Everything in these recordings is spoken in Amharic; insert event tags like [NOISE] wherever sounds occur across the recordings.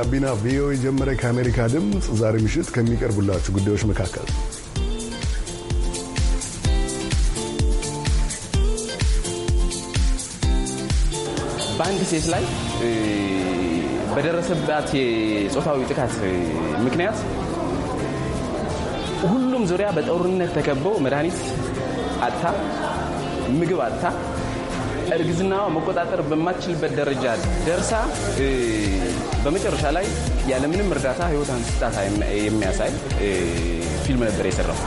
ጋቢና ቪኦኤ ጀመረ። ከአሜሪካ ድምፅ ዛሬ ምሽት ከሚቀርቡላችሁ ጉዳዮች መካከል በአንድ ሴት ላይ በደረሰባት የጾታዊ ጥቃት ምክንያት ሁሉም ዙሪያ በጦርነት ተከበው መድኃኒት አጥታ ምግብ አጥታ እርግዝናዋ መቆጣጠር በማትችልበት ደረጃ ደርሳ በመጨረሻ ላይ ያለምንም እርዳታ ህይወቷን ስጣታ የሚያሳይ ፊልም ነበር የሰራው።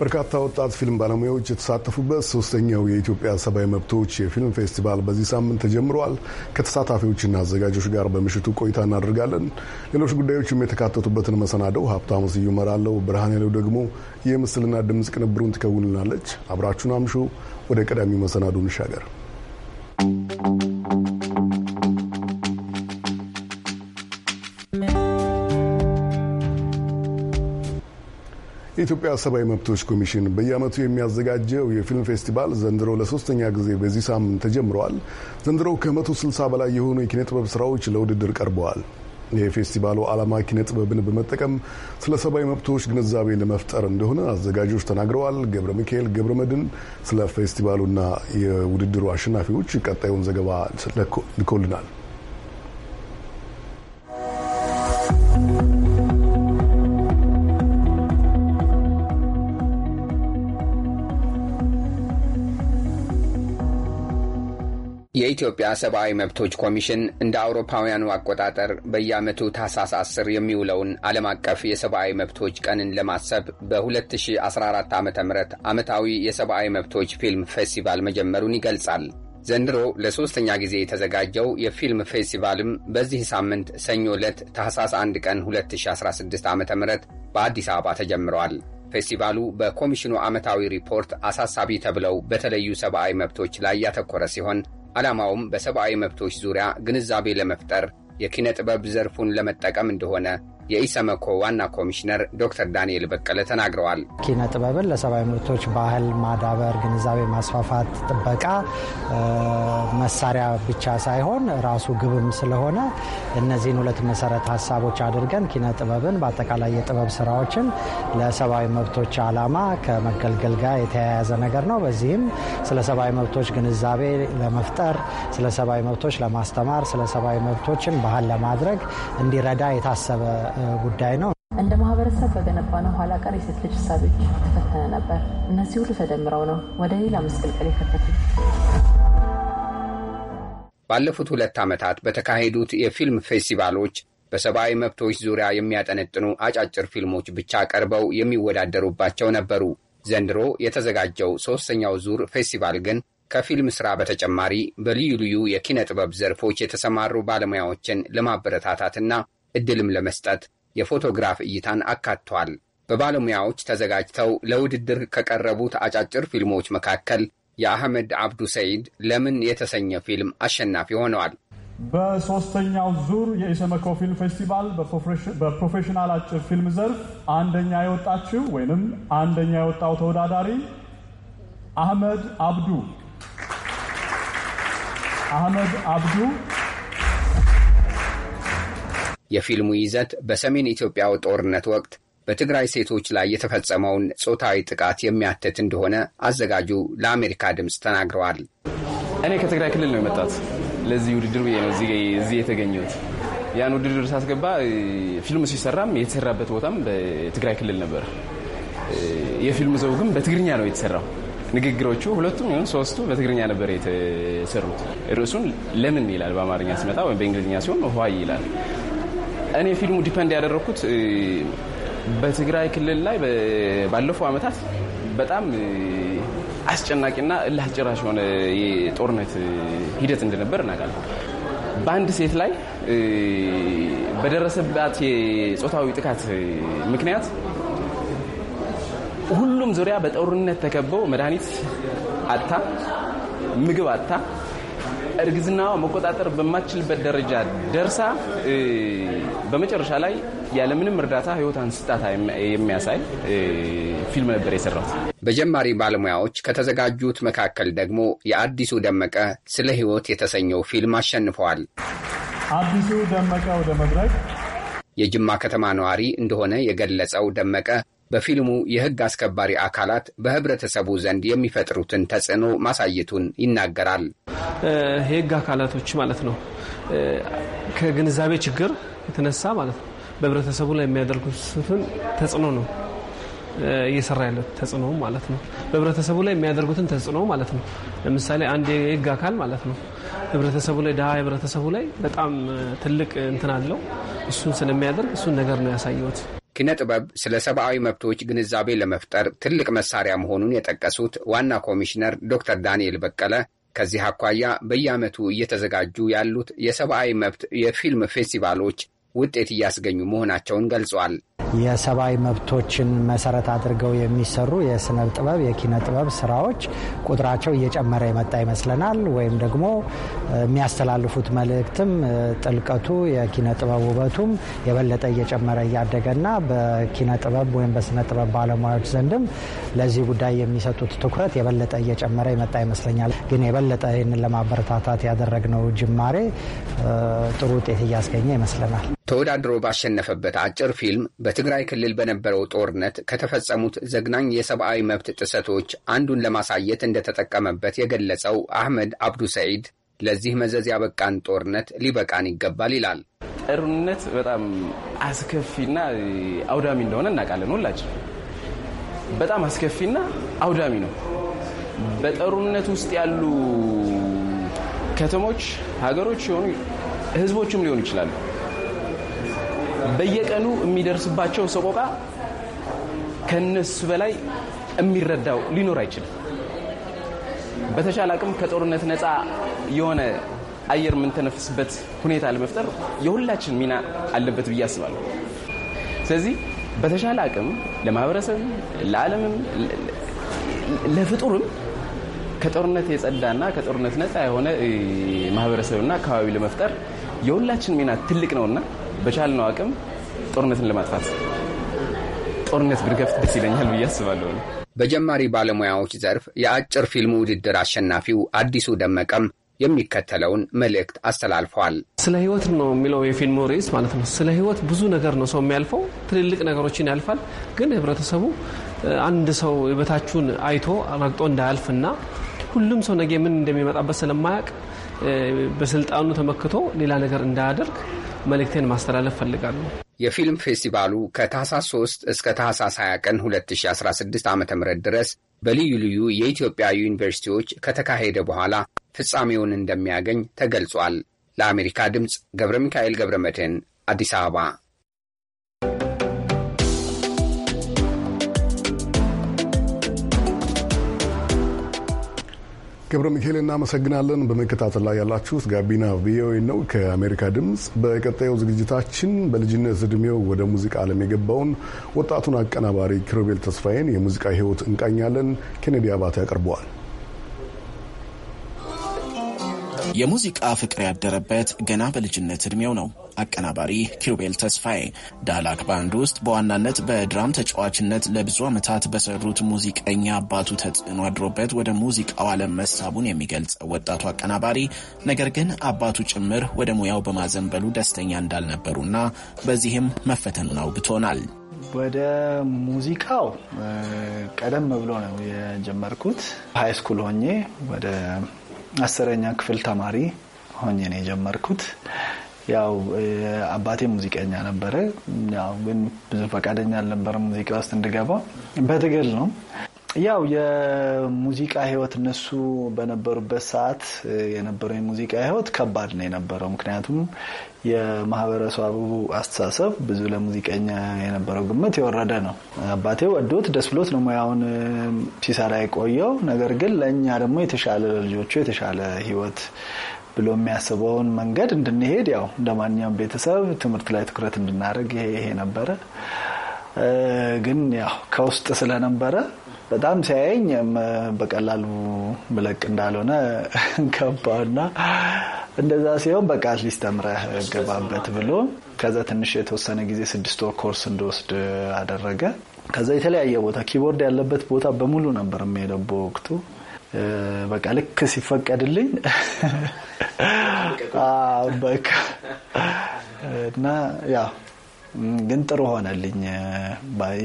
በርካታ ወጣት ፊልም ባለሙያዎች የተሳተፉበት ሶስተኛው የኢትዮጵያ ሰብአዊ መብቶች የፊልም ፌስቲቫል በዚህ ሳምንት ተጀምረዋል። ከተሳታፊዎችና አዘጋጆች ጋር በምሽቱ ቆይታ እናደርጋለን። ሌሎች ጉዳዮችም የተካተቱበትን መሰናደው ሀብታሙ ስዩም እመራለሁ። ብርሃን ያለው ደግሞ የምስልና ድምፅ ቅንብሩን ትከውንልናለች። አብራችሁን አምሹ። ወደ ቀዳሚው መሰናዶ እንሻገር። የኢትዮጵያ ሰብአዊ መብቶች ኮሚሽን በየዓመቱ የሚያዘጋጀው የፊልም ፌስቲቫል ዘንድሮ ለሶስተኛ ጊዜ በዚህ ሳምንት ተጀምረዋል። ዘንድሮ ከ160 በላይ የሆኑ የኪነ ጥበብ ስራዎች ለውድድር ቀርበዋል። የፌስቲቫሉ ዓላማ ኪነ ጥበብን በመጠቀም ስለ ሰብአዊ መብቶች ግንዛቤ ለመፍጠር እንደሆነ አዘጋጆች ተናግረዋል። ገብረ ሚካኤል ገብረ መድን ስለ ፌስቲቫሉና የውድድሩ አሸናፊዎች ቀጣዩን ዘገባ ልኮልናል። የኢትዮጵያ ሰብአዊ መብቶች ኮሚሽን እንደ አውሮፓውያኑ አቆጣጠር በየዓመቱ ታህሳስ 10 የሚውለውን ዓለም አቀፍ የሰብአዊ መብቶች ቀንን ለማሰብ በ2014 ዓ ም ዓመታዊ የሰብአዊ መብቶች ፊልም ፌስቲቫል መጀመሩን ይገልጻል። ዘንድሮ ለሦስተኛ ጊዜ የተዘጋጀው የፊልም ፌስቲቫልም በዚህ ሳምንት ሰኞ ዕለት ታህሳስ 1 ቀን 2016 ዓ ም በአዲስ አበባ ተጀምረዋል። ፌስቲቫሉ በኮሚሽኑ ዓመታዊ ሪፖርት አሳሳቢ ተብለው በተለዩ ሰብአዊ መብቶች ላይ ያተኮረ ሲሆን ዓላማውም በሰብአዊ መብቶች ዙሪያ ግንዛቤ ለመፍጠር የኪነ ጥበብ ዘርፉን ለመጠቀም እንደሆነ የኢሰመኮ ዋና ኮሚሽነር ዶክተር ዳንኤል በቀለ ተናግረዋል። ኪነ ጥበብን ለሰብአዊ መብቶች ባህል ማዳበር፣ ግንዛቤ ማስፋፋት፣ ጥበቃ መሳሪያ ብቻ ሳይሆን ራሱ ግብም ስለሆነ እነዚህን ሁለት መሰረት ሀሳቦች አድርገን ኪነ ጥበብን በአጠቃላይ የጥበብ ስራዎችን ለሰብአዊ መብቶች አላማ ከመገልገል ጋር የተያያዘ ነገር ነው። በዚህም ስለ ሰብአዊ መብቶች ግንዛቤ ለመፍጠር፣ ስለ ሰብአዊ መብቶች ለማስተማር፣ ስለ ሰብአዊ መብቶችን ባህል ለማድረግ እንዲረዳ የታሰበ ጉዳይ ነው። እንደ ማህበረሰብ በገነባነው ኋላ ቀር የሴት ልጅ እሳቤዎች ተፈተነ ነበር። እነዚህ ሁሉ ተደምረው ነው ወደ ሌላ ምስቅልቅል የከተቱ። ባለፉት ሁለት ዓመታት በተካሄዱት የፊልም ፌስቲቫሎች በሰብአዊ መብቶች ዙሪያ የሚያጠነጥኑ አጫጭር ፊልሞች ብቻ ቀርበው የሚወዳደሩባቸው ነበሩ። ዘንድሮ የተዘጋጀው ሦስተኛው ዙር ፌስቲቫል ግን ከፊልም ሥራ በተጨማሪ በልዩ ልዩ የኪነ ጥበብ ዘርፎች የተሰማሩ ባለሙያዎችን ለማበረታታትና እድልም ለመስጠት የፎቶግራፍ እይታን አካቷል። በባለሙያዎች ተዘጋጅተው ለውድድር ከቀረቡት አጫጭር ፊልሞች መካከል የአህመድ አብዱ ሰይድ ለምን የተሰኘ ፊልም አሸናፊ ሆነዋል። በሶስተኛው ዙር የኢሰመኮ ፊልም ፌስቲቫል በፕሮፌሽናል አጭር ፊልም ዘርፍ አንደኛ የወጣችው ወይንም አንደኛ የወጣው ተወዳዳሪ አህመድ አብዱ አህመድ አብዱ የፊልሙ ይዘት በሰሜን ኢትዮጵያው ጦርነት ወቅት በትግራይ ሴቶች ላይ የተፈጸመውን ጾታዊ ጥቃት የሚያትት እንደሆነ አዘጋጁ ለአሜሪካ ድምፅ ተናግረዋል። እኔ ከትግራይ ክልል ነው የመጣት ለዚህ ውድድር ብዬ ነው እዚህ የተገኘሁት። ያን ውድድር ሳስገባ ፊልሙ ሲሰራም የተሰራበት ቦታም በትግራይ ክልል ነበር። የፊልሙ ዘው ግን በትግርኛ ነው የተሰራው። ንግግሮቹ ሁለቱም ይሁን ሶስቱ በትግርኛ ነበር የተሰሩት። ርዕሱን ለምን ይላል በአማርኛ ሲመጣ ወይም በእንግሊዝኛ ሲሆን ዋይ ይላል። እኔ ፊልሙ ዲፐንድ ያደረግኩት በትግራይ ክልል ላይ ባለፈው ዓመታት በጣም አስጨናቂና እልህ አስጨራሽ የሆነ የጦርነት ሂደት እንደነበር እናውቃለን። በአንድ ሴት ላይ በደረሰባት የጾታዊ ጥቃት ምክንያት ሁሉም ዙሪያ በጦርነት ተከበው መድኃኒት አጥታ ምግብ አጥታ እርግዝናዋ መቆጣጠር በማትችልበት ደረጃ ደርሳ በመጨረሻ ላይ ያለምንም እርዳታ ህይወቷን ስጣታ የሚያሳይ ፊልም ነበር የሰራት። በጀማሪ ባለሙያዎች ከተዘጋጁት መካከል ደግሞ የአዲሱ ደመቀ ስለ ህይወት የተሰኘው ፊልም አሸንፈዋል። አዲሱ ደመቀ ወደ መድረክ የጅማ ከተማ ነዋሪ እንደሆነ የገለጸው ደመቀ በፊልሙ የሕግ አስከባሪ አካላት በህብረተሰቡ ዘንድ የሚፈጥሩትን ተጽዕኖ ማሳየቱን ይናገራል። የሕግ አካላቶች ማለት ነው ከግንዛቤ ችግር የተነሳ ማለት ነው በህብረተሰቡ ላይ የሚያደርጉትን ተጽዕኖ ነው እየሰራ ያለው ተጽዕኖ ማለት ነው። በህብረተሰቡ ላይ የሚያደርጉትን ተጽዕኖ ማለት ነው። ለምሳሌ አንድ የህግ አካል ማለት ነው ህብረተሰቡ ላይ ድሀ ህብረተሰቡ ላይ በጣም ትልቅ እንትን አለው። እሱን ስለሚያደርግ እሱን ነገር ነው ያሳየሁት። ኪነ ጥበብ ስለ ሰብአዊ መብቶች ግንዛቤ ለመፍጠር ትልቅ መሳሪያ መሆኑን የጠቀሱት ዋና ኮሚሽነር ዶክተር ዳንኤል በቀለ ከዚህ አኳያ በየዓመቱ እየተዘጋጁ ያሉት የሰብአዊ መብት የፊልም ፌስቲቫሎች ውጤት እያስገኙ መሆናቸውን ገልጿል። የሰብአዊ መብቶችን መሰረት አድርገው የሚሰሩ የስነ ጥበብ፣ የኪነ ጥበብ ስራዎች ቁጥራቸው እየጨመረ የመጣ ይመስለናል። ወይም ደግሞ የሚያስተላልፉት መልእክትም ጥልቀቱ፣ የኪነ ጥበብ ውበቱም የበለጠ እየጨመረ እያደገና በኪነ ጥበብ ወይም በስነ ጥበብ ባለሙያዎች ዘንድም ለዚህ ጉዳይ የሚሰጡት ትኩረት የበለጠ እየጨመረ የመጣ ይመስለኛል። ግን የበለጠ ይህንን ለማበረታታት ያደረግነው ጅማሬ ጥሩ ውጤት እያስገኘ ይመስለናል። ተወዳድሮ ባሸነፈበት አጭር ፊልም በትግራይ ክልል በነበረው ጦርነት ከተፈጸሙት ዘግናኝ የሰብአዊ መብት ጥሰቶች አንዱን ለማሳየት እንደተጠቀመበት የገለጸው አህመድ አብዱ ሰዒድ ለዚህ መዘዝ ያበቃን ጦርነት ሊበቃን ይገባል ይላል። ጦርነት በጣም አስከፊና አውዳሚ እንደሆነ እናውቃለን። ሁላችን በጣም አስከፊና አውዳሚ ነው። በጦርነት ውስጥ ያሉ ከተሞች፣ ሀገሮች የሆኑ ህዝቦችም ሊሆኑ ይችላሉ በየቀኑ የሚደርስባቸው ሰቆቃ ከነሱ በላይ የሚረዳው ሊኖር አይችልም። በተሻለ አቅም ከጦርነት ነፃ የሆነ አየር የምንተነፍስበት ሁኔታ ለመፍጠር የሁላችን ሚና አለበት ብዬ አስባለሁ። ስለዚህ በተሻለ አቅም ለማህበረሰብ፣ ለዓለምም፣ ለፍጡርም ከጦርነት የጸዳና ከጦርነት ነፃ የሆነ ማህበረሰብና አካባቢ ለመፍጠር የሁላችን ሚና ትልቅ ነውና በቻልነው አቅም ጦርነትን ለማጥፋት ጦርነት ብርገፍት ደስ ይለኛል ብዬ አስባለሁ። በጀማሪ ባለሙያዎች ዘርፍ የአጭር ፊልም ውድድር አሸናፊው አዲሱ ደመቀም የሚከተለውን መልእክት አስተላልፏል። ስለ ህይወት ነው የሚለው የፊልሙ ርዕስ ማለት ነው። ስለ ህይወት ብዙ ነገር ነው ሰው የሚያልፈው፣ ትልልቅ ነገሮችን ያልፋል። ግን ህብረተሰቡ አንድ ሰው የበታችሁን አይቶ ረግጦ እንዳያልፍና ሁሉም ሰው ነገ ምን እንደሚመጣበት ስለማያውቅ በስልጣኑ ተመክቶ ሌላ ነገር እንዳያደርግ መልእክቴን ማስተላለፍ ፈልጋሉ። የፊልም ፌስቲቫሉ ከታህሳስ 3 እስከ ታህሳስ 20 ቀን 2016 ዓ ም ድረስ በልዩ ልዩ የኢትዮጵያ ዩኒቨርሲቲዎች ከተካሄደ በኋላ ፍጻሜውን እንደሚያገኝ ተገልጿል። ለአሜሪካ ድምፅ ገብረ ሚካኤል ገብረ መድህን አዲስ አበባ ገብረ ሚካኤል እናመሰግናለን። በመከታተል ላይ ያላችሁት ጋቢና ቪኦኤ ነው ከአሜሪካ ድምፅ። በቀጣዩ ዝግጅታችን በልጅነት እድሜው ወደ ሙዚቃ ዓለም የገባውን ወጣቱን አቀናባሪ ኪሮቤል ተስፋዬን የሙዚቃ ሕይወት እንቃኛለን። ኬኔዲ አባተ ያቀርበዋል። የሙዚቃ ፍቅር ያደረበት ገና በልጅነት እድሜው ነው። አቀናባሪ ኪሩቤል ተስፋዬ ዳላክ ባንድ ውስጥ በዋናነት በድራም ተጫዋችነት ለብዙ ዓመታት በሰሩት ሙዚቀኛ አባቱ ተጽዕኖ አድሮበት ወደ ሙዚቃው ዓለም መሳቡን የሚገልጽ ወጣቱ አቀናባሪ ነገር ግን አባቱ ጭምር ወደ ሙያው በማዘንበሉ ደስተኛ እንዳልነበሩና በዚህም መፈተኑን አውግቶናል። ወደ ሙዚቃው ቀደም ብሎ ነው የጀመርኩት ሃይስኩል ሆኜ ወደ አስረኛ ክፍል ተማሪ ሆኜ ነው የጀመርኩት። ያው አባቴ ሙዚቀኛ ነበረ። ያው ግን ብዙ ፈቃደኛ አልነበረ ሙዚቃ ውስጥ እንድገባ። በትግል ነው ያው የሙዚቃ ህይወት እነሱ በነበሩበት ሰዓት የነበረው የሙዚቃ ህይወት ከባድ ነው የነበረው። ምክንያቱም የማህበረሰቡ አስተሳሰብ ብዙ ለሙዚቀኛ የነበረው ግምት የወረደ ነው። አባቴ ወዶት ደስ ብሎት ነው ሙያውን ሲሰራ የቆየው። ነገር ግን ለእኛ ደግሞ የተሻለ ለልጆቹ የተሻለ ህይወት ብሎ የሚያስበውን መንገድ እንድንሄድ ያው እንደ ማንኛውም ቤተሰብ ትምህርት ላይ ትኩረት እንድናደርግ ይሄ ነበረ። ግን ያው ከውስጥ ስለነበረ በጣም ሲያየኝ በቀላሉ ምለቅ እንዳልሆነ [LAUGHS] ገባና እንደዛ ሲሆን በቃ አትሊስት ተምረህ ገባበት ብሎ ከዛ ትንሽ የተወሰነ ጊዜ ስድስት ወር ኮርስ እንደወስድ አደረገ። ከዛ የተለያየ ቦታ ኪቦርድ ያለበት ቦታ በሙሉ ነበር የሚሄደው በወቅቱ በቃ ልክ ሲፈቀድልኝ [LAUGHS] በቃ እና ያ ግን ጥሩ ሆነልኝ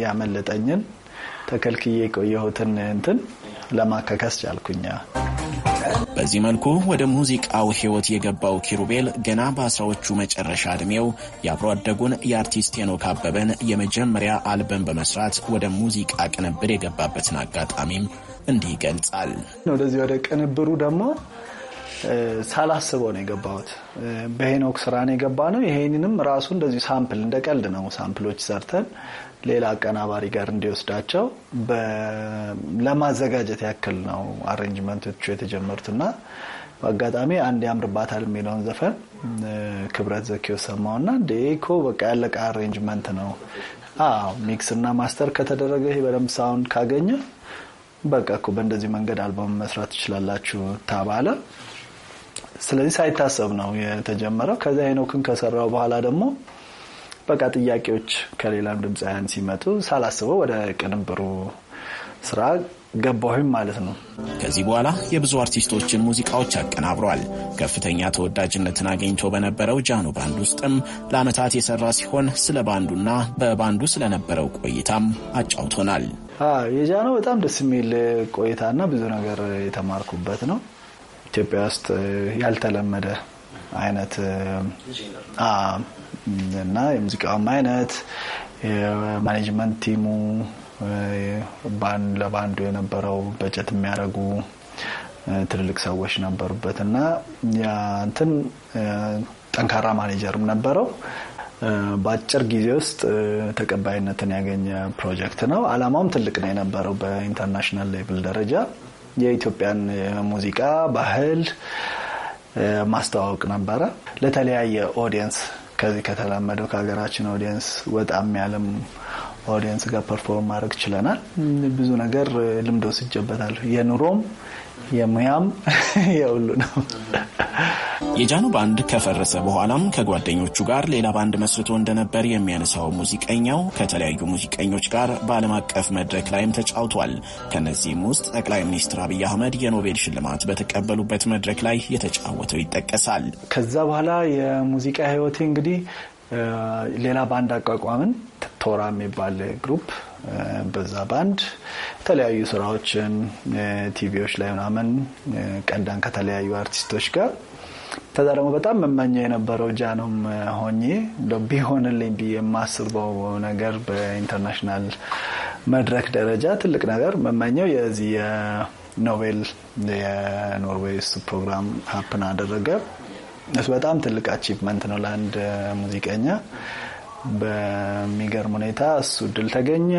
ያመለጠኝን ተከልክዬ የቆየሁትን እንትን ለማካከስ ቻልኩኛ። በዚህ መልኩ ወደ ሙዚቃው ህይወት የገባው ኪሩቤል ገና በአስራዎቹ መጨረሻ ዕድሜው የአብሮ አደጉን የአርቲስት ሄኖክ አበበን የመጀመሪያ አልበም በመስራት ወደ ሙዚቃ ቅንብር የገባበትን አጋጣሚም እንዲህ ይገልጻል። ወደዚህ ወደ ቅንብሩ ደግሞ ሳላስበው ነው የገባሁት። በሄኖክ ስራ ነው የገባ ነው። ይሄንንም ራሱ እንደዚሁ ሳምፕል እንደ ቀልድ ነው ሳምፕሎች ሰርተን ሌላ አቀናባሪ ጋር እንዲወስዳቸው ለማዘጋጀት ያክል ነው አሬንጅመንቶቹ የተጀመሩትና በአጋጣሚ አንድ ያምርባታል የሚለውን ዘፈን ክብረት ዘኪው ሰማውና ዴኮ በቃ ያለቀ አሬንጅመንት ነው። አዎ ሚክስ እና ማስተር ከተደረገ ይሄ በደንብ ሳውንድ ካገኘ በቃ እኮ በእንደዚህ መንገድ አልበም መስራት ትችላላችሁ ተባለ። ስለዚህ ሳይታሰብ ነው የተጀመረው። ከዚያ አይኖክን ከሰራው በኋላ ደግሞ በቃ ጥያቄዎች ከሌላም ድምፃውያን ሲመጡ ሳላስበው ወደ ቅንብሩ ስራ ገባሁም ማለት ነው። ከዚህ በኋላ የብዙ አርቲስቶችን ሙዚቃዎች አቀናብሯል። ከፍተኛ ተወዳጅነትን አግኝቶ በነበረው ጃኖ ባንድ ውስጥም ለአመታት የሰራ ሲሆን ስለ ባንዱና በባንዱ ስለነበረው ቆይታም አጫውቶናል። የጃኖ በጣም ደስ የሚል ቆይታና ብዙ ነገር የተማርኩበት ነው። ኢትዮጵያ ውስጥ ያልተለመደ አይነት እና የሙዚቃውም አይነት የማኔጅመንት ቲሙ ለባንዱ የነበረው በጀት የሚያደርጉ ትልልቅ ሰዎች ነበሩበት እና እንትን ጠንካራ ማኔጀርም ነበረው። በአጭር ጊዜ ውስጥ ተቀባይነትን ያገኘ ፕሮጀክት ነው። አላማውም ትልቅ ነው የነበረው። በኢንተርናሽናል ሌቭል ደረጃ የኢትዮጵያን ሙዚቃ ባህል ማስተዋወቅ ነበረ ለተለያየ ኦዲየንስ ከዚህ ከተለመደው ከሀገራችን ኦዲየንስ ወጣም ያለም ኦዲየንስ ጋር ፐርፎርም ማድረግ ችለናል። ብዙ ነገር ልምድ ወስጄበታለሁ። የኑሮም የሙያም [LAUGHS] የሁሉ ነው። የጃኖ ባንድ ከፈረሰ በኋላም ከጓደኞቹ ጋር ሌላ ባንድ መስርቶ እንደነበር የሚያነሳው ሙዚቀኛው ከተለያዩ ሙዚቀኞች ጋር በዓለም አቀፍ መድረክ ላይም ተጫውቷል። ከነዚህም ውስጥ ጠቅላይ ሚኒስትር አብይ አህመድ የኖቤል ሽልማት በተቀበሉበት መድረክ ላይ የተጫወተው ይጠቀሳል። ከዛ በኋላ የሙዚቃ ህይወቴ እንግዲህ ሌላ ባንድ አቋቋምን። ቶራ የሚባል ግሩፕ በዛ ባንድ የተለያዩ ስራዎችን ቲቪዎች ላይ ምናምን ቀዳን ከተለያዩ አርቲስቶች ጋር ከዛ ደግሞ በጣም መመኘው የነበረው ጃኖም ሆኜ ቢሆንልኝ ብዬ የማስበው ነገር በኢንተርናሽናል መድረክ ደረጃ ትልቅ ነገር መመኘው የዚህ የኖቤል የኖርዌይስ ፕሮግራም ሀፕን አደረገ። እሱ በጣም ትልቅ አቺቭመንት ነው ለአንድ ሙዚቀኛ። በሚገርም ሁኔታ እሱ እድል ተገኘ።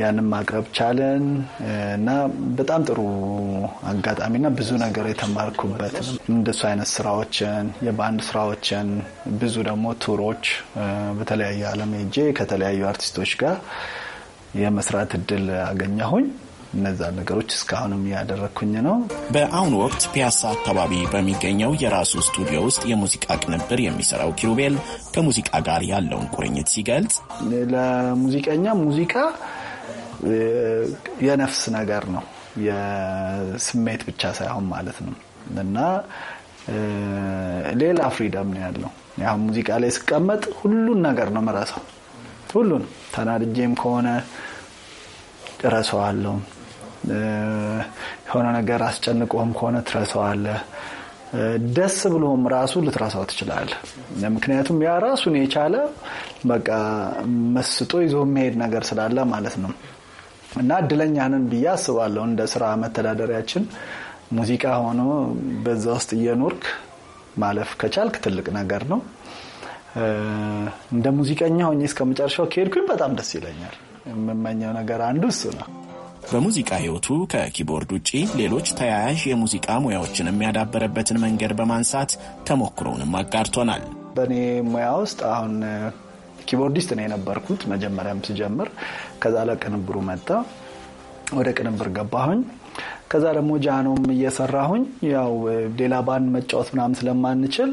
ያንም ማቅረብ ቻለን እና በጣም ጥሩ አጋጣሚና ብዙ ነገር የተማርኩበት እንደሱ አይነት ስራዎችን የባንድ ስራዎችን ብዙ ደግሞ ቱሮች በተለያዩ አለም ሄጄ ከተለያዩ አርቲስቶች ጋር የመስራት እድል አገኘሁኝ። እነዛ ነገሮች እስካሁንም እያደረግኩኝ ነው። በአሁኑ ወቅት ፒያሳ አካባቢ በሚገኘው የራሱ ስቱዲዮ ውስጥ የሙዚቃ ቅንብር የሚሰራው ኪሩቤል ከሙዚቃ ጋር ያለውን ቁርኝት ሲገልጽ ለሙዚቀኛ ሙዚቃ የነፍስ ነገር ነው። የስሜት ብቻ ሳይሆን ማለት ነው እና ሌላ ፍሪደም ነው ያለው። ያሁን ሙዚቃ ላይ ስቀመጥ ሁሉን ነገር ነው የምረሳው። ሁሉን ተናድጄም ከሆነ እረሳዋለሁ። የሆነ ነገር አስጨንቆም ከሆነ ትረሳዋለህ። ደስ ብሎም ራሱ ልትረሳው ትችላለህ። ምክንያቱም ያ ራሱን የቻለ በቃ መስጦ ይዞ የሚሄድ ነገር ስላለ ማለት ነው። እና እድለኛንን ብዬ አስባለሁ። እንደ ስራ መተዳደሪያችን ሙዚቃ ሆኖ በዛ ውስጥ እየኖርክ ማለፍ ከቻልክ ትልቅ ነገር ነው። እንደ ሙዚቀኛ ሆኜ እስከ መጨረሻው ከሄድኩኝ በጣም ደስ ይለኛል። የምመኘው ነገር አንዱ እሱ ነው። በሙዚቃ ህይወቱ ከኪቦርድ ውጪ ሌሎች ተያያዥ የሙዚቃ ሙያዎችን የሚያዳበረበትን መንገድ በማንሳት ተሞክሮውንም አጋርቶናል። በእኔ ሙያ ውስጥ አሁን ኪቦርዲስት ነው የነበርኩት መጀመሪያም ስጀምር። ከዛ ለቅንብሩ መጣ፣ ወደ ቅንብር ገባሁኝ። ከዛ ደግሞ ጃኖም እየሰራሁኝ ያው ሌላ ባንድ መጫወት ምናምን ስለማንችል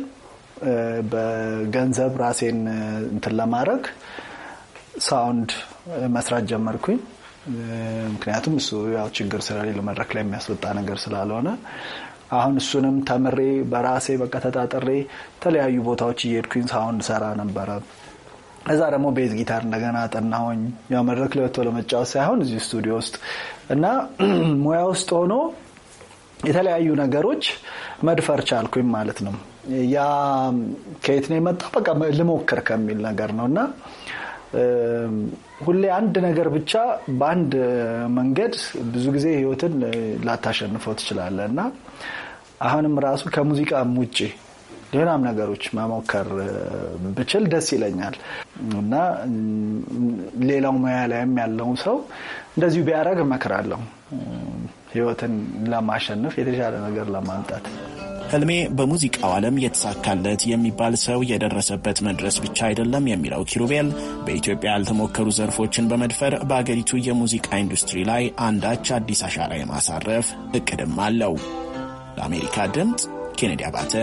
በገንዘብ ራሴን እንትን ለማድረግ ሳውንድ መስራት ጀመርኩኝ። ምክንያቱም እሱ ያው ችግር ስለሌለ መድረክ ላይ የሚያስወጣ ነገር ስላልሆነ አሁን እሱንም ተምሬ በራሴ በቃ ተጣጥሬ የተለያዩ ቦታዎች እየሄድኩኝ ሳውንድ ሰራ ነበረ። እዛ ደግሞ ቤዝ ጊታር እንደገና ጠናሆኝ ያው መድረክ ለወጥቶ ለመጫወት ሳይሆን እዚህ ስቱዲዮ ውስጥ እና [CLEARS THROAT] ሙያ ውስጥ ሆኖ የተለያዩ ነገሮች መድፈር ቻልኩኝ ማለት ነው። ያ ከየት ነው የመጣ? በቃ ልሞክር ከሚል ነገር ነው እና ሁሌ አንድ ነገር ብቻ በአንድ መንገድ ብዙ ጊዜ ህይወትን ላታሸንፈው ትችላለህ እና አሁንም ራሱ ከሙዚቃም ውጭ ሌላም ነገሮች መሞከር ብችል ደስ ይለኛል። እና ሌላው ሙያ ላይም ያለውን ሰው እንደዚሁ ቢያደርግ እመክራለሁ። ህይወትን ለማሸነፍ የተሻለ ነገር ለማምጣት ህልሜ በሙዚቃው ዓለም የተሳካለት የሚባል ሰው የደረሰበት መድረስ ብቻ አይደለም የሚለው ኪሩቤል በኢትዮጵያ ያልተሞከሩ ዘርፎችን በመድፈር በአገሪቱ የሙዚቃ ኢንዱስትሪ ላይ አንዳች አዲስ አሻራ የማሳረፍ እቅድም አለው። ለአሜሪካ ድምፅ ኬኔዲ አባተ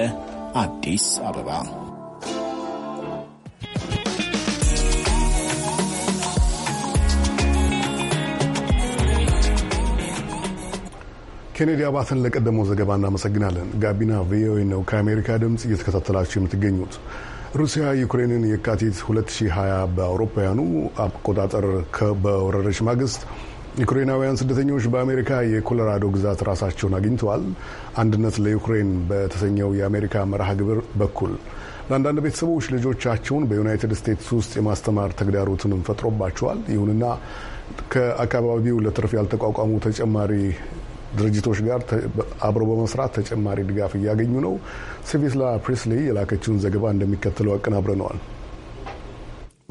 አዲስ አበባ ኬኔዲ አባተን ለቀደመው ዘገባ እናመሰግናለን። ጋቢና ቪኦኤ ነው ከአሜሪካ ድምፅ እየተከታተላችሁ የምትገኙት። ሩሲያ ዩክሬንን የካቲት 2020 በአውሮፓውያኑ አቆጣጠር በወረረች ማግስት ዩክሬናውያን ስደተኞች በአሜሪካ የኮሎራዶ ግዛት ራሳቸውን አግኝተዋል። አንድነት ለዩክሬን በተሰኘው የአሜሪካ መርሃ ግብር በኩል ለአንዳንድ ቤተሰቦች ልጆቻቸውን በዩናይትድ ስቴትስ ውስጥ የማስተማር ተግዳሮትንም ፈጥሮባቸዋል። ይሁንና ከአካባቢው ለትርፍ ያልተቋቋሙ ተጨማሪ ድርጅቶች ጋር አብሮ በመስራት ተጨማሪ ድጋፍ እያገኙ ነው። ሲቪስላ ፕሪስሊ የላከችውን ዘገባ እንደሚከተለው አቀናብረነዋል።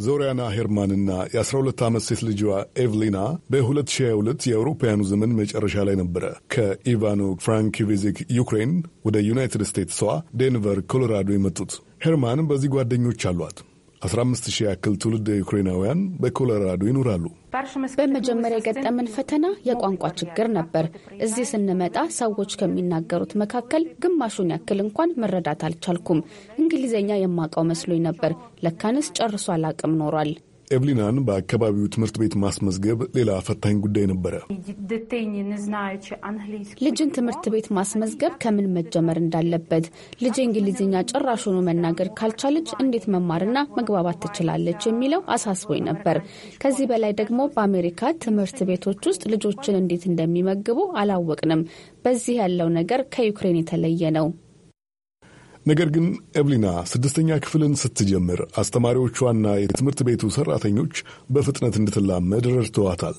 ዞሪያና ሄርማንና የ12 ዓመት ሴት ልጅዋ ኤቭሊና በ2022 የአውሮፓውያኑ ዘመን መጨረሻ ላይ ነበረ ከኢቫኖ ፍራንኪቪዚክ ዩክሬን ወደ ዩናይትድ ስቴትስዋ ዴንቨር ኮሎራዶ የመጡት። ሄርማን በዚህ ጓደኞች አሏት። 15 ሺህ ያክል ትውልድ ዩክሬናውያን በኮሎራዶ ይኖራሉ። በመጀመሪያ የገጠምን ፈተና የቋንቋ ችግር ነበር። እዚህ ስንመጣ ሰዎች ከሚናገሩት መካከል ግማሹን ያክል እንኳን መረዳት አልቻልኩም። እንግሊዝኛ የማውቀው መስሎኝ ነበር። ለካንስ ጨርሶ አላቅም ኖሯል። ኤቭሊናን በአካባቢው ትምህርት ቤት ማስመዝገብ ሌላ ፈታኝ ጉዳይ ነበረ። ልጅን ትምህርት ቤት ማስመዝገብ ከምን መጀመር እንዳለበት፣ ልጅ እንግሊዝኛ ጭራሽ ሆኖ መናገር ካልቻለች እንዴት መማርና መግባባት ትችላለች የሚለው አሳስቦኝ ነበር። ከዚህ በላይ ደግሞ በአሜሪካ ትምህርት ቤቶች ውስጥ ልጆችን እንዴት እንደሚመግቡ አላወቅንም። በዚህ ያለው ነገር ከዩክሬን የተለየ ነው። ነገር ግን ኤቭሊና ስድስተኛ ክፍልን ስትጀምር አስተማሪዎቿና የትምህርት ቤቱ ሰራተኞች በፍጥነት እንድትላመድ ረድተዋታል።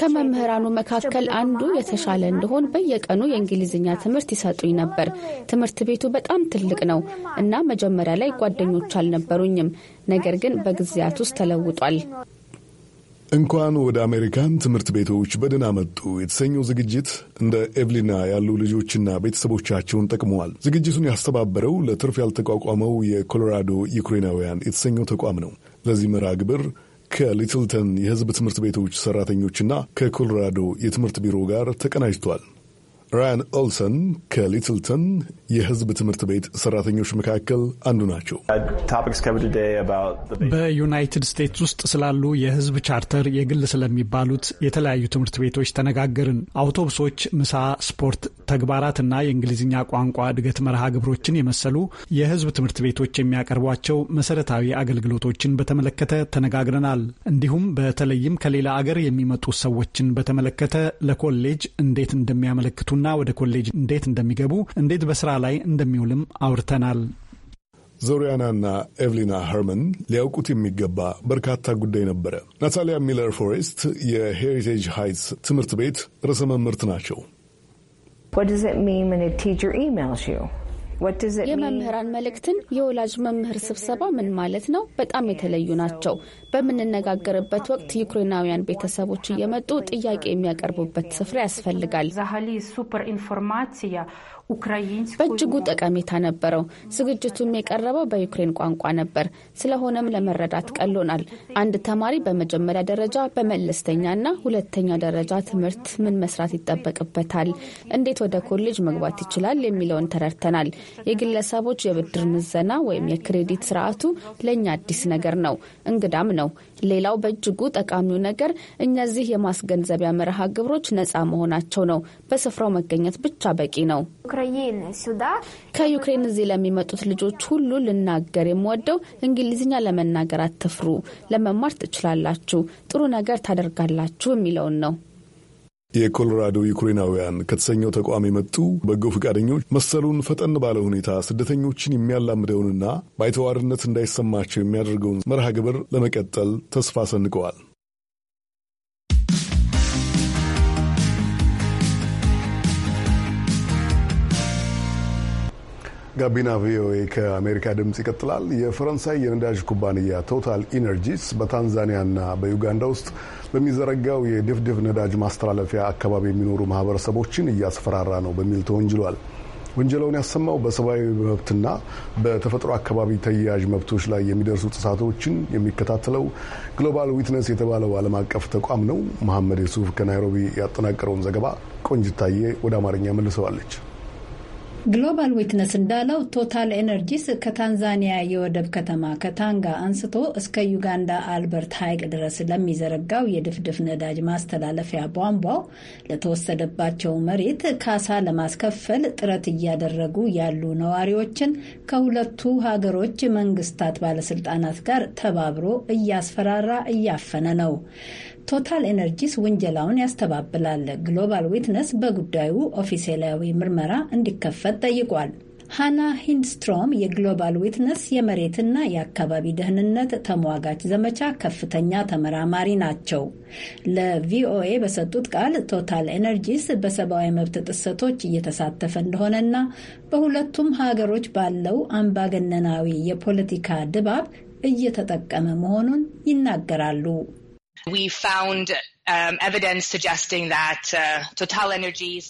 ከመምህራኑ መካከል አንዱ የተሻለ እንደሆን በየቀኑ የእንግሊዝኛ ትምህርት ይሰጡኝ ነበር። ትምህርት ቤቱ በጣም ትልቅ ነው እና መጀመሪያ ላይ ጓደኞች አልነበሩኝም። ነገር ግን በጊዜያት ውስጥ ተለውጧል። እንኳን ወደ አሜሪካን ትምህርት ቤቶች በደህና መጡ የተሰኘው ዝግጅት እንደ ኤቭሊና ያሉ ልጆችና ቤተሰቦቻቸውን ጠቅመዋል። ዝግጅቱን ያስተባበረው ለትርፍ ያልተቋቋመው የኮሎራዶ ዩክሬናውያን የተሰኘው ተቋም ነው። ለዚህ መርሃ ግብር ከሊትልተን የህዝብ ትምህርት ቤቶች ሰራተኞችና ከኮሎራዶ የትምህርት ቢሮ ጋር ተቀናጅቷል። ራያን ኦልሰን ከሊትልተን የህዝብ ትምህርት ቤት ሰራተኞች መካከል አንዱ ናቸው። በዩናይትድ ስቴትስ ውስጥ ስላሉ የህዝብ ቻርተር የግል ስለሚባሉት የተለያዩ ትምህርት ቤቶች ተነጋገርን። አውቶቡሶች፣ ምሳ፣ ስፖርት ተግባራትና የእንግሊዝኛ ቋንቋ እድገት መርሃ ግብሮችን የመሰሉ የህዝብ ትምህርት ቤቶች የሚያቀርቧቸው መሰረታዊ አገልግሎቶችን በተመለከተ ተነጋግረናል። እንዲሁም በተለይም ከሌላ አገር የሚመጡ ሰዎችን በተመለከተ ለኮሌጅ እንዴት እንደሚያመለክቱ እንደሚደርሱና ወደ ኮሌጅ እንዴት እንደሚገቡ እንዴት በስራ ላይ እንደሚውልም አውርተናል። ዞሪያናና ኤቭሊና ኸርመን ሊያውቁት የሚገባ በርካታ ጉዳይ ነበረ። ናታሊያ ሚለር ፎሬስት የሄሪቴጅ ሃይትስ ትምህርት ቤት ርዕሰ መምህርት ናቸው። የመምህራን መልእክትን የወላጅ መምህር ስብሰባ ምን ማለት ነው? በጣም የተለዩ ናቸው። በምንነጋገርበት ወቅት ዩክሬናውያን ቤተሰቦች እየመጡ ጥያቄ የሚያቀርቡበት ስፍራ ያስፈልጋል። በእጅጉ ጠቀሜታ ነበረው። ዝግጅቱም የቀረበው በዩክሬን ቋንቋ ነበር። ስለሆነም ለመረዳት ቀሎናል። አንድ ተማሪ በመጀመሪያ ደረጃ፣ በመለስተኛና ሁለተኛ ደረጃ ትምህርት ምን መስራት ይጠበቅበታል፣ እንዴት ወደ ኮሌጅ መግባት ይችላል የሚለውን ተረድተናል። የግለሰቦች የብድር ምዘና ወይም የክሬዲት ስርዓቱ ለእኛ አዲስ ነገር ነው፣ እንግዳም ነው። ሌላው በእጅጉ ጠቃሚው ነገር እነዚህ የማስገንዘቢያ መርሃ ግብሮች ነጻ መሆናቸው ነው። በስፍራው መገኘት ብቻ በቂ ነው። ከዩክሬን እዚህ ለሚመጡት ልጆች ሁሉ ልናገር የምወደው እንግሊዝኛ ለመናገር አትፍሩ፣ ለመማር ትችላላችሁ፣ ጥሩ ነገር ታደርጋላችሁ የሚለውን ነው። የኮሎራዶ ዩክሬናውያን ከተሰኘው ተቋም የመጡ በጎ ፈቃደኞች መሰሉን ፈጠን ባለ ሁኔታ ስደተኞችን የሚያላምደውንና ባይተዋርነት እንዳይሰማቸው የሚያደርገውን መርሃ ግብር ለመቀጠል ተስፋ ሰንቀዋል። ጋቢና ቪኦኤ ከአሜሪካ ድምፅ ይቀጥላል። የፈረንሳይ የነዳጅ ኩባንያ ቶታል ኢነርጂስ በታንዛኒያና በዩጋንዳ ውስጥ በሚዘረጋው የድፍድፍ ነዳጅ ማስተላለፊያ አካባቢ የሚኖሩ ማህበረሰቦችን እያስፈራራ ነው በሚል ተወንጅሏል። ወንጀላውን ያሰማው በሰብአዊ መብትና በተፈጥሮ አካባቢ ተያያዥ መብቶች ላይ የሚደርሱ ጥሳቶችን የሚከታተለው ግሎባል ዊትነስ የተባለው ዓለም አቀፍ ተቋም ነው። መሐመድ የሱፍ ከናይሮቢ ያጠናቀረውን ዘገባ ቆንጅታዬ ወደ አማርኛ መልሰዋለች። ግሎባል ዊትነስ እንዳለው ቶታል ኤነርጂስ ከታንዛኒያ የወደብ ከተማ ከታንጋ አንስቶ እስከ ዩጋንዳ አልበርት ሐይቅ ድረስ ለሚዘረጋው የድፍድፍ ነዳጅ ማስተላለፊያ ቧንቧው ለተወሰደባቸው መሬት ካሳ ለማስከፈል ጥረት እያደረጉ ያሉ ነዋሪዎችን ከሁለቱ ሀገሮች መንግስታት ባለስልጣናት ጋር ተባብሮ እያስፈራራ እያፈነ ነው። ቶታል ኤነርጂስ ውንጀላውን ያስተባብላል። ግሎባል ዊትነስ በጉዳዩ ኦፊሴላዊ ምርመራ እንዲከፈት ጠይቋል። ሃና ሂንድስትሮም የግሎባል ዊትነስ የመሬትና የአካባቢ ደህንነት ተሟጋች ዘመቻ ከፍተኛ ተመራማሪ ናቸው። ለቪኦኤ በሰጡት ቃል ቶታል ኤነርጂስ በሰብአዊ መብት ጥሰቶች እየተሳተፈ እንደሆነና በሁለቱም ሀገሮች ባለው አምባገነናዊ የፖለቲካ ድባብ እየተጠቀመ መሆኑን ይናገራሉ። we found Um, uh,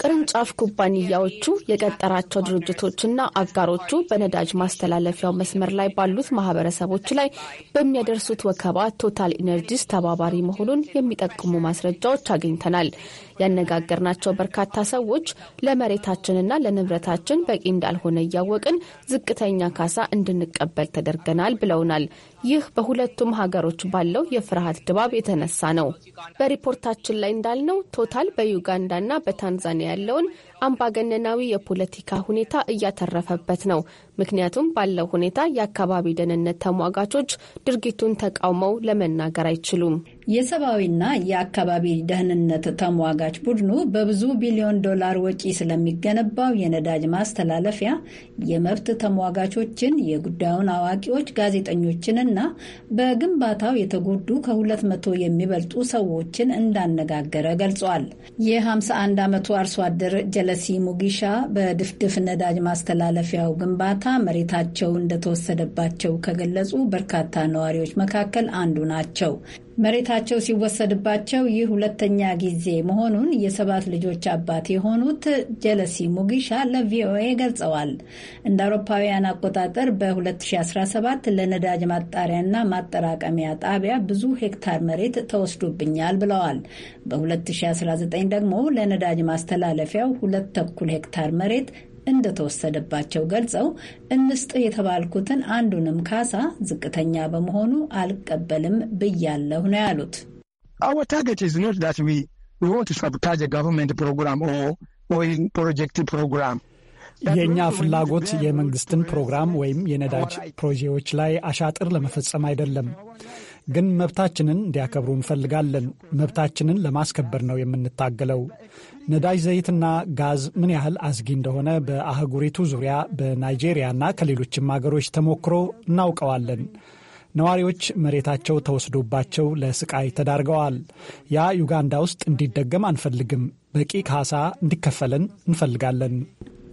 ቅርንጫፍ ኩባንያዎቹ የቀጠራቸው ድርጅቶችና አጋሮቹ በነዳጅ ማስተላለፊያው መስመር ላይ ባሉት ማህበረሰቦች ላይ በሚያደርሱት ወከባ ቶታል ኢነርጂስ ተባባሪ መሆኑን የሚጠቁሙ ማስረጃዎች አግኝተናል። ያነጋገርናቸው በርካታ ሰዎች ለመሬታችንና ለንብረታችን በቂ እንዳልሆነ እያወቅን ዝቅተኛ ካሳ እንድንቀበል ተደርገናል ብለውናል። ይህ በሁለቱም ሀገሮች ባለው የፍርሃት ድባብ የተነሳ ነው። ሪፖርታችን ላይ እንዳልነው ቶታል በዩጋንዳና በታንዛኒያ ያለውን አምባገነናዊ የፖለቲካ ሁኔታ እያተረፈበት ነው። ምክንያቱም ባለው ሁኔታ የአካባቢ ደህንነት ተሟጋቾች ድርጊቱን ተቃውመው ለመናገር አይችሉም። የሰብአዊና የአካባቢ ደህንነት ተሟጋች ቡድኑ በብዙ ቢሊዮን ዶላር ወጪ ስለሚገነባው የነዳጅ ማስተላለፊያ የመብት ተሟጋቾችን፣ የጉዳዩን አዋቂዎች፣ ጋዜጠኞችንና በግንባታው የተጎዱ ከሁለት መቶ የሚበልጡ ሰዎችን እንዳነጋገረ ገልጿል። የ51 ዓመቱ አርሶ አደር ሰለሲ ሙጊሻ በድፍድፍ ነዳጅ ማስተላለፊያው ግንባታ መሬታቸው እንደተወሰደባቸው ከገለጹ በርካታ ነዋሪዎች መካከል አንዱ ናቸው። መሬታቸው ሲወሰድባቸው ይህ ሁለተኛ ጊዜ መሆኑን የሰባት ልጆች አባት የሆኑት ጀለሲ ሙጊሻ ለቪኦኤ ገልጸዋል። እንደ አውሮፓውያን አቆጣጠር በ2017 ለነዳጅ ማጣሪያና ማጠራቀሚያ ጣቢያ ብዙ ሄክታር መሬት ተወስዶብኛል ብለዋል። በ2019 ደግሞ ለነዳጅ ማስተላለፊያው ሁለት ተኩል ሄክታር መሬት እንደተወሰደባቸው ገልጸው እንስጥ የተባልኩትን አንዱንም ካሳ ዝቅተኛ በመሆኑ አልቀበልም ብያለሁ ነው ያሉት። የእኛ ፍላጎት የመንግስትን ፕሮግራም ወይም የነዳጅ ፕሮጄዎች ላይ አሻጥር ለመፈጸም አይደለም። ግን መብታችንን እንዲያከብሩ እንፈልጋለን። መብታችንን ለማስከበር ነው የምንታገለው። ነዳጅ ዘይትና ጋዝ ምን ያህል አስጊ እንደሆነ በአህጉሪቱ ዙሪያ በናይጄሪያና ከሌሎችም አገሮች ተሞክሮ እናውቀዋለን። ነዋሪዎች መሬታቸው ተወስዶባቸው ለስቃይ ተዳርገዋል። ያ ዩጋንዳ ውስጥ እንዲደገም አንፈልግም። በቂ ካሳ እንዲከፈለን እንፈልጋለን።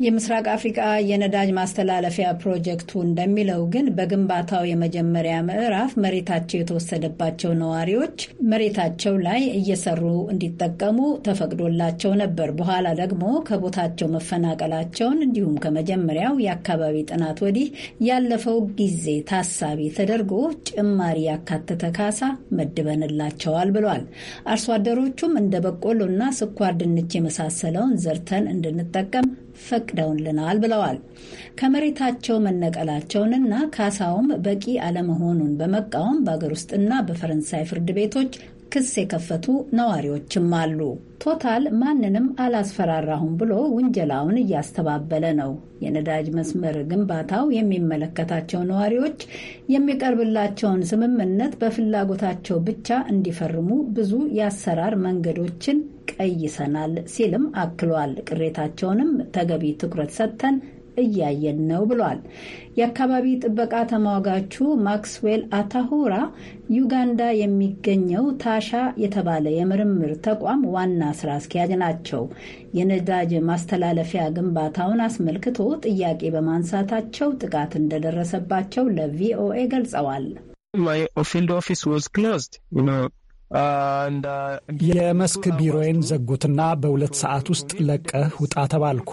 የምስራቅ አፍሪቃ የነዳጅ ማስተላለፊያ ፕሮጀክቱ እንደሚለው ግን በግንባታው የመጀመሪያ ምዕራፍ መሬታቸው የተወሰደባቸው ነዋሪዎች መሬታቸው ላይ እየሰሩ እንዲጠቀሙ ተፈቅዶላቸው ነበር። በኋላ ደግሞ ከቦታቸው መፈናቀላቸውን እንዲሁም ከመጀመሪያው የአካባቢ ጥናት ወዲህ ያለፈው ጊዜ ታሳቢ ተደርጎ ጭማሪ ያካተተ ካሳ መድበንላቸዋል ብሏል። አርሶ አደሮቹም እንደ በቆሎና ስኳር ድንች የመሳሰለውን ዘርተን እንድንጠቀም ፈቅደውልናል ብለዋል። ከመሬታቸው መነቀላቸውንና ካሳውም በቂ አለመሆኑን በመቃወም በአገር ውስጥና በፈረንሳይ ፍርድ ቤቶች ክስ የከፈቱ ነዋሪዎችም አሉ። ቶታል ማንንም አላስፈራራሁም ብሎ ውንጀላውን እያስተባበለ ነው። የነዳጅ መስመር ግንባታው የሚመለከታቸው ነዋሪዎች የሚቀርብላቸውን ስምምነት በፍላጎታቸው ብቻ እንዲፈርሙ ብዙ የአሰራር መንገዶችን ቀይሰናል ሲልም አክሏል። ቅሬታቸውንም ተገቢ ትኩረት ሰጥተን እያየን ነው ብሏል። የአካባቢ ጥበቃ ተሟጋቹ ማክስዌል አታሁራ ዩጋንዳ የሚገኘው ታሻ የተባለ የምርምር ተቋም ዋና ስራ አስኪያጅ ናቸው። የነዳጅ ማስተላለፊያ ግንባታውን አስመልክቶ ጥያቄ በማንሳታቸው ጥቃት እንደደረሰባቸው ለቪኦኤ ገልጸዋል። የመስክ ቢሮዬን ዘጉትና በሁለት ሰዓት ውስጥ ለቀህ ውጣ ተባልኩ።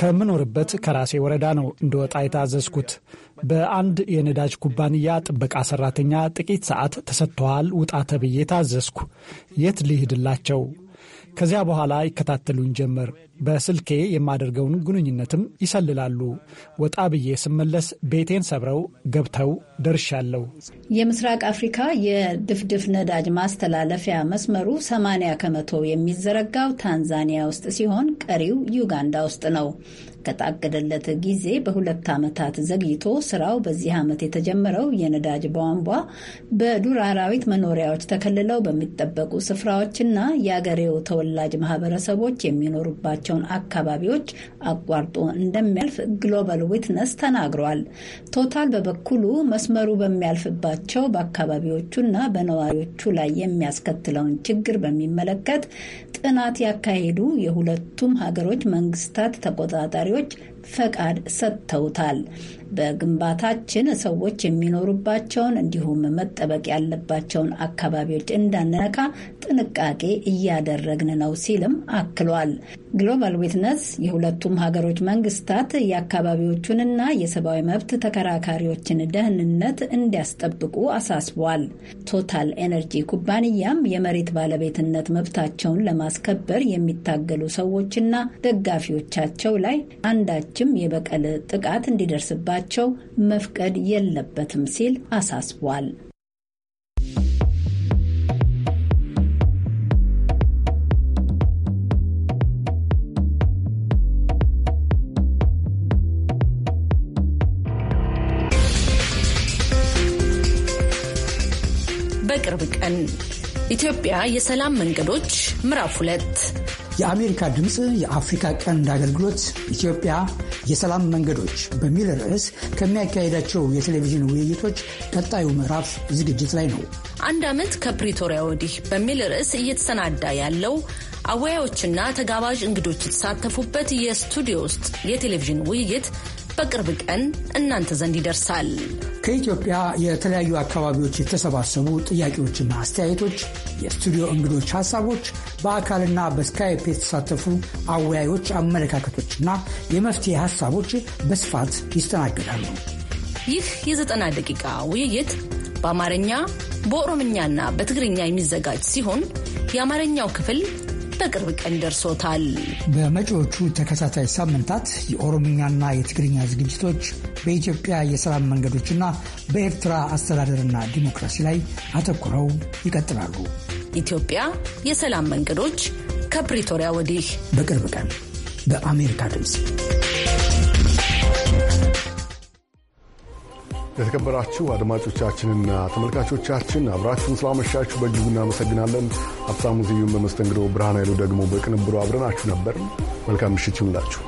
ከምኖርበት ከራሴ ወረዳ ነው እንደወጣ የታዘዝኩት። በአንድ የነዳጅ ኩባንያ ጥበቃ ሰራተኛ ጥቂት ሰዓት ተሰጥተዋል ውጣ ተብዬ ታዘዝኩ። የት ልሂድላቸው? ከዚያ በኋላ ይከታተሉኝ ጀመር። በስልኬ የማደርገውን ግንኙነትም ይሰልላሉ። ወጣ ብዬ ስመለስ ቤቴን ሰብረው ገብተው ደርሻለሁ። የምስራቅ አፍሪካ የድፍድፍ ነዳጅ ማስተላለፊያ መስመሩ 80 ከመቶ የሚዘረጋው ታንዛኒያ ውስጥ ሲሆን ቀሪው ዩጋንዳ ውስጥ ነው። ከታቀደለት ጊዜ በሁለት ዓመታት ዘግይቶ ስራው በዚህ ዓመት የተጀመረው የነዳጅ ቧንቧ በዱር አራዊት መኖሪያዎች ተከልለው በሚጠበቁ ስፍራዎችና የአገሬው ተወላጅ ማህበረሰቦች የሚኖሩባቸውን አካባቢዎች አቋርጦ እንደሚያልፍ ግሎባል ዊትነስ ተናግሯል። ቶታል በበኩሉ መስመሩ በሚያልፍባቸው በአካባቢዎቹና በነዋሪዎቹ ላይ የሚያስከትለውን ችግር በሚመለከት ጥናት ያካሄዱ የሁለቱም ሀገሮች መንግስታት ተቆጣጣሪ አሽከርካሪዎች ፈቃድ ሰጥተውታል። በግንባታችን ሰዎች የሚኖሩባቸውን እንዲሁም መጠበቅ ያለባቸውን አካባቢዎች እንዳንነካ ጥንቃቄ እያደረግን ነው ሲልም አክሏል። ግሎባል ዊትነስ የሁለቱም ሀገሮች መንግስታት የአካባቢዎቹንና የሰብአዊ መብት ተከራካሪዎችን ደህንነት እንዲያስጠብቁ አሳስቧል። ቶታል ኤነርጂ ኩባንያም የመሬት ባለቤትነት መብታቸውን ለማስከበር የሚታገሉ ሰዎችና ደጋፊዎቻቸው ላይ አንዳችም የበቀል ጥቃት እንዲደርስባቸው እንዲኖራቸው መፍቀድ የለበትም ሲል አሳስቧል። በቅርብ ቀን ኢትዮጵያ የሰላም መንገዶች ምዕራፍ ሁለት የአሜሪካ ድምፅ የአፍሪካ ቀንድ አገልግሎት ኢትዮጵያ የሰላም መንገዶች በሚል ርዕስ ከሚያካሄዳቸው የቴሌቪዥን ውይይቶች ቀጣዩ ምዕራፍ ዝግጅት ላይ ነው። አንድ ዓመት ከፕሪቶሪያ ወዲህ በሚል ርዕስ እየተሰናዳ ያለው አወያዮችና ተጋባዥ እንግዶች የተሳተፉበት የስቱዲዮ ውስጥ የቴሌቪዥን ውይይት በቅርብ ቀን እናንተ ዘንድ ይደርሳል። ከኢትዮጵያ የተለያዩ አካባቢዎች የተሰባሰቡ ጥያቄዎችና አስተያየቶች፣ የስቱዲዮ እንግዶች ሀሳቦች፣ በአካልና በስካይፕ የተሳተፉ አወያዮች አመለካከቶችና የመፍትሄ ሀሳቦች በስፋት ይስተናገዳሉ። ይህ የዘጠና ደቂቃ ውይይት በአማርኛ በኦሮምኛና በትግርኛ የሚዘጋጅ ሲሆን የአማርኛው ክፍል በቅርብ ቀን ደርሶታል። በመጪዎቹ ተከታታይ ሳምንታት የኦሮምኛና የትግርኛ ዝግጅቶች በኢትዮጵያ የሰላም መንገዶችና በኤርትራ አስተዳደርና ዲሞክራሲ ላይ አተኩረው ይቀጥላሉ። ኢትዮጵያ የሰላም መንገዶች ከፕሪቶሪያ ወዲህ በቅርብ ቀን በአሜሪካ ድምፅ የተከበራችሁ አድማጮቻችንና ተመልካቾቻችን አብራችሁን ስላመሻችሁ በእጅጉ እናመሰግናለን። ሀብታሙ ዝዩን በመስተንግዶ ብርሃን ኃይሉ ደግሞ በቅንብሩ አብረናችሁ ነበር። መልካም ምሽት ይሁንላችሁ።